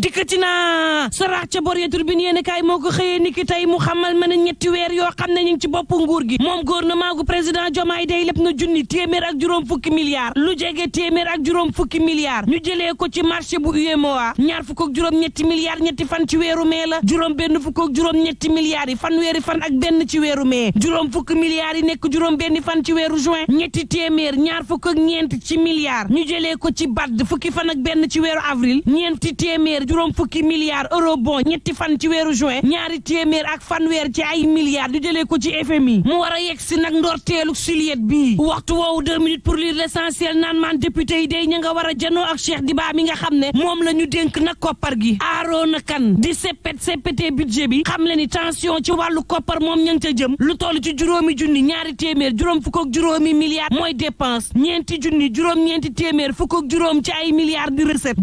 dikkati naa ca bor ya turbine moo ko xëyee niki tey mu xamal ma ne ñetti weer yoo xam na ñu ci bopp nguur gi moom gouvernement gu président Diomaye day lépp na junni téeméer ak juróom fukki milliards lu jege téeméer ak juróom fukki milliards ñu jëlee ko ci marché bu UEMOA ñaar fukk ak juróom ñetti milliards ñetti fan ci weeru mee la juróom benn fukk ak ñetti milliards yi fanweeri fan ak benn ci weeru mee juróom fukki milliards yi nekk juróom benn fan ci weeru juin ñetti téeméer ñaar fukk ak ñeent ci milliards ñu jëlee ko ci BAD fukki fan ak benn ci weeru avril ñeenti téeméer juróom fukki milliards euro bon ñetti fan ci weeru juin ñaari téeméer ak fanweer ci ay milliards di jëlee ko ci FMI mu war a yegg si nag ndorteelu suliet bii waxtu woowu deux minutes pour lire l'essentiel naan maan député yi nga war a janoo ak Cheikh Diba mi nga xam ne moom la ñu dénk nag koppar gi Arona Kane di seppet seppetee budget bi xam le ni tension ci wàllu koppar moom ña jëm lu toll ci juróomi junni ñaari téeméer juróom fukk ak juróomi milliards mooy dépense ñeenti junni juróom-ñeenti fukk ak juróom ci ay milliards di recette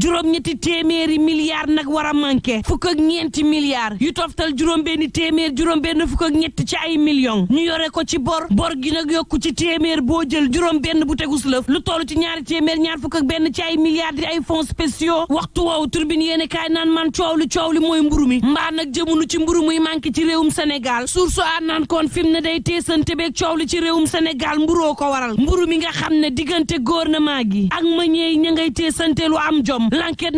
téeméeri milliards milliards nag war a manqué fukk ak ñeenti milliards yu toftal juróom-benni téeméer juróom-benn fukk ak ñett ci ay millions ñu yore ko ci bor bor gi nag yokku ci téeméer boo jël juróom-benn bu tegus lu toll ci ñaari téeméer ñaar fukk ak benn ci ay milliards di ay fonds spéciaux waxtu woowu turbine yéene kaay naan man coow li coow li mooy mburu mi mbaa nag jëmunu ci mburu muy manqué ci réewum Sénégal source a naan kon fi mu ne day teesante beeg coow li ci réewum Sénégal mburoo ko waral mburu mi nga xam ne diggante gouvernement gi ak mëñee ña ngay teesante lu am jom lanket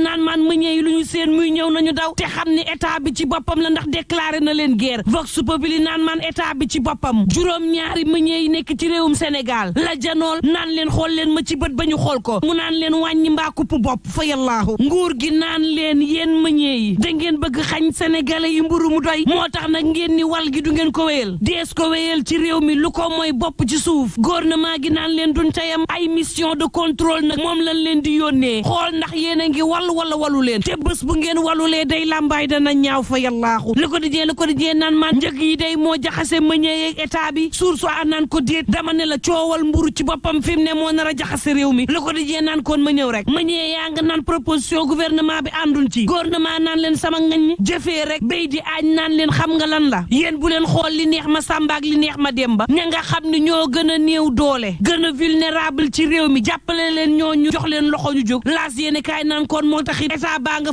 lu ñuy seen muy ñëw nañu daw te xam ni état bi ci boppam la ndax déclaré na leen guerre vox populi naan man état bi ci boppam juróom-ñaari meññee yi nekk ci réewum Sénégal la janool naan leen xool leen ma ci bët ba ñu xool ko mu naan leen wàññi mbaa kupp bopp fa yallaahu nguur gi naan leen yéen meññee yi da ngeen bëgg xañ sénégalais yi mburu mu doy moo tax nag ngeen ni wal gi du ngeen ko wéyal dees ko wéyal ci réew mi lu ko mooy bopp ci suuf gouvernement gi naan leen duñ tayam ay mission de contrôle nag moom lañ leen di yónnee xool ndax yéen a ngi wal wala walu leen bés bu ngeen walulee day làmbaay dana ñaaw fa yallaahu le quotidien le quotidien naan maan njëg yi day moo jaxase meññee état bi suur soo a naan ko déet dama ne la coowal mburu ci boppam fi mu ne moo nar a jaxase réew mi le nan naan koon ma ñëw rek meññee yaa nga naan proposition gouvernement bi àndun ci gouvernement naan leen sama ngañ jëfee rek béy di aañ nan leen xam nga lan la yéen bu leen xool li neex ma sàmbaak li neex ma demba ña nga xam ne ñoo gën a néew doole gën a vulnérable ci réew mi jàppale leen ñoo ñu leen loxo ñu jóg laas yéene kaay moo taxit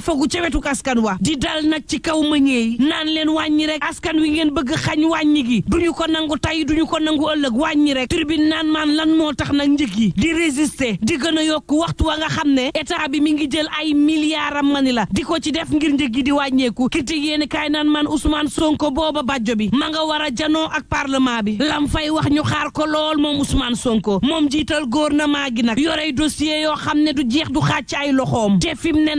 fagu ca wetu askan wa di dal nag ci kaw mëñee naan leen wàññi rek askan wi ngeen bëgg xañ wàññi gi duñu ko nangu tey duñu ko nangu ëllëg wàññi rek tribune naan maan lan moo tax nag njëg yi di résisté di gën a yokk waxtu wa nga xam ne état bi mi ngi jël ay milliards am ma mani la di ko ci def ngir njëg yi di wàññeeku critique yéeni kaay naan maan Ousmane Sonko booba bàjjo bi ma nga war a janoo ak parlement bi lam fay wax ñu xaar ko lool moom Ousmane Sonko moom jiital gouvernement gi nag yorey dossier yoo xam ne du jeex du xaaj ay loxoom te fim ne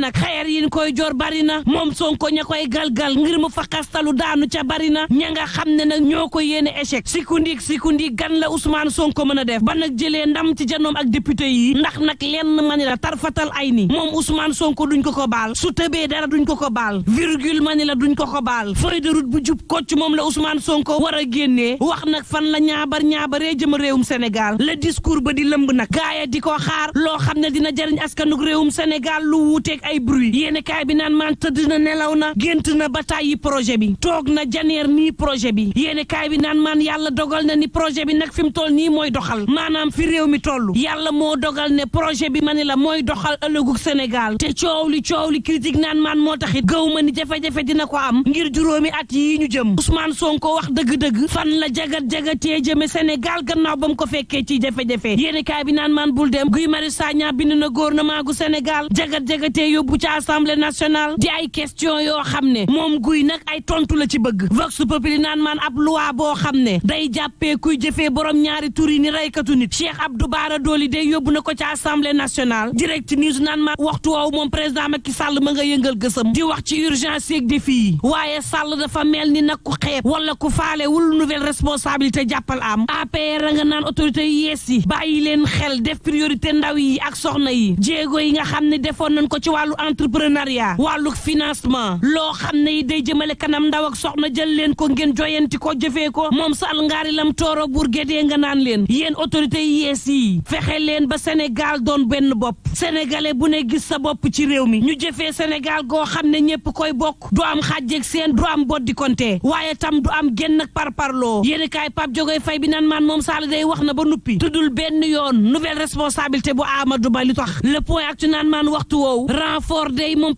koy joor bari na moom Sonko ña koy galgal ngir mu fakkastalu daanu ca bari na ña nga xam ne nag ñoo ko yéene échec sikundik sikundik gan la Ousmane Sonko mën a def ba nag jëlee ndam ci janoom ak député yi ndax nag lenn mani la tarfatal ay ni moom Ousmane Sonko duñ ko ko baal su tëbee dara duñ ko ko baal virgule mani la duñ ko ko baal feuille de route bu jub kocc moom la Ousmane Sonko war a génnee wax nag fan la ñaabar ñaabaree jëm réewum Sénégal le discours ba di lëmb nag gaaya di ko xaar loo xam ne dina jëriñ askanug réewum Sénégal lu wuuteeg ay bruit kaay bi naan maan tëdd na nelaw na gént na ba tàyyi projet bi toog na janeer nii projet bi yéene kaay bi naan maan yàlla dogal na ni projet bi nag fi mu toll nii mooy doxal maanaam fi réew mi toll yàlla moo dogal ne projet bi ma ni la mooy doxal ëllëgug senegal te coow li coow li critique naan maan moo taxit gëw ma ni jafe-jafe dina ko am ngir juróomi at yi ñu jëm Ousmane Sonko wax dëgg-dëgg fan la jagat jagatee jëme Sénégal gannaaw ba mu ko fekkee ci jafe-jafe yéene kaay bi naan maan bul dem Guy Marius Sagna na gouvernement gu Sénégal jagat jagatee assemblée nationale di ay question yoo xam ne moom guy nag ay tontu la ci bëgg vox populi naan maan ab loi boo xam ne day jàppee kuy jëfee borom ñaari tur yi ni raykatu nit Cheikh Abdou baara dooli day yóbbu na ko ci assemblée nationale direct news naan maan waxtu woowu moom président Macky Sall ma nga yëngal gësam di wax ci urgence yeeg défi yi waaye Sall dafa mel ni nag ku xeeb wala ku faale wul nouvelle responsabilité jàppal am APR nga naan autorité yi yees yi bàyyi leen xel def priorité ndaw yi ak soxna yi yi nga xam ne defoon nañ ko ci wàllu entrepreneur partenariat wàlluk financement loo xam ne yi day jëmale kanam ndaw ak soxna jël leen ko ngeen joyanti ko jëfee ko moom sal ngaari lam tooro bur gédee nga naan leen yéen autorité yi yees fexe leen ba Sénégal doon benn bopp sénégalais bu ne gis sa bopp ci réew mi ñu jëfee Sénégal goo xam ne ñépp koy bokk du am xàjjeeg seen du am boddi konte waaye tam du am genn par parparloo yéen kaay Pape Jogoy Fay bi naan maan moom Sall day wax na ba nuppi dul benn yoon nouvelle responsabilité bu Amadou tax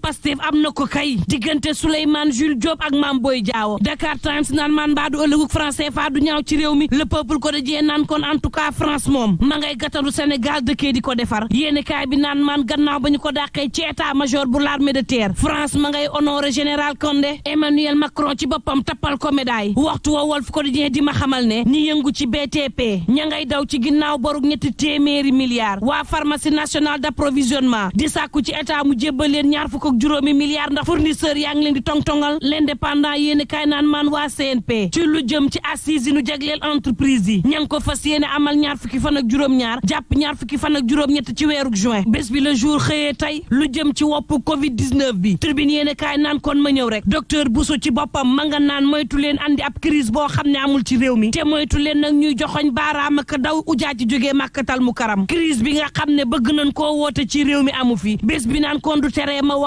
Pastef am na ko kay diggante Souleymane Jules Diop ak Mame Boye Diao Dakar Times naan maan mbaa du ëllëgu franc CFA du ñaaw ci réew mi le peuple quotidien naan kon en tout cas France moom ma ngay gàttandu Sénégal dëkkee di ko defar yéeni kaay bi naan maan gannaaw ba ñu ko dàqee ci état major bu l'armée de terre France ma ngay honoré général Condé Emmanuel Macron ci boppam tappal ko médaille waxtu wa Walf Quotidien di ma xamal ne ñi yëngu ci BTP ña ngay daw ci ginnaaw borug ñetti téeméeri milliards waa pharmacie nationale d'approvisionnement di sàkku ci état mu jébbal leen ñaar fukk ak juróomi milliards ndax fournisseur yaa ngi leen di tongtongal l'indépendant yéen kaay naan maan waa CNP ci lu jëm ci assises yi nu jagleel entreprise yi ña ngi ko fas yéene amal ñaar fukki fan ak juróom-ñaar jàpp ñaar fukki fan ak juróom-ñett ci weeru juin bés bi le jour xëyee tey lu jëm ci wopp covid 19 bi tribune yéen kaay naan kon ma ñëw rek docteur Bousso ci boppam ma nga naan moytu leen andi ab crise boo xam ne amul ci réew mi te moytu leen nag ñuy joxoñ baaraam ak daw ujaa ci jógee màkkatal mu karam crise bi nga xam ne bëgg nañ koo woote ci réew mi amu fi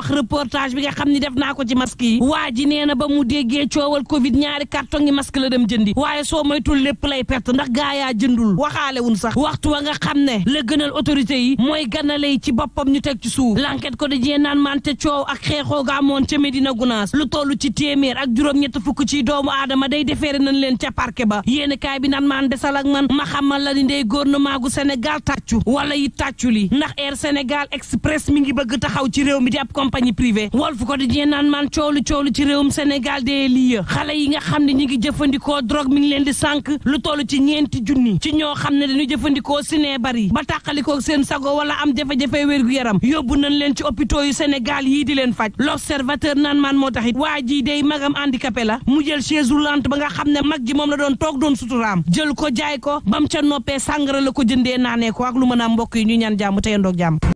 wax reportage bi nga xam ni def naa ko ci masque yi waa ji nee na ba mu déggee coowal covid ñaari carton ngi masque la dem jëndi waaye soo moytul lépp lay perte ndax gaa yaa jëndul waxaale wun sax waxtu wa nga xam ne la gënal autorité yi mooy ganale yi ci boppam ñu teg ci suuf l'enquête ko de dajee naan mante coow ak xeexoo ga amoon ca Medina Gunaas lu toll ci téeméer ak juróom-ñett fukk ci doomu aadama day defeere nañ leen ca parquet ba yéen kaay bi nan maan desal ak man ma xamal la ni ndey gouvernement gu Sénégal tàccu wala yi tàccu li ndax Sénégal Express mi ngi bëgg taxaw ci réew mi di compagnie privée ko Quotidien naan maan coolu coolu ci réewum Sénégal de lii xale yi nga xam ne ñu ngi jëfandikoo drog mi ngi leen di sànk lu toll ci ñeenti junni ci ñoo xam ne dañu jëfandikoo sinee yi ba tàqalikoo seen sago wala am jafe-jafe wér-gu-yaram yóbbu nañ leen ci hôpitaux yu Sénégal yii di leen faj l'observateur nan maan moo tax it waa ji day magam handicapé la mu jël chaise roulante ba nga xam ne mag ji moom la doon toog doon suturaam jël ko jaay ko bam ca noppee sàngara la ko jëndee ko ak lu mën a mbokk yi ñu ñaan jàmm tey ndoog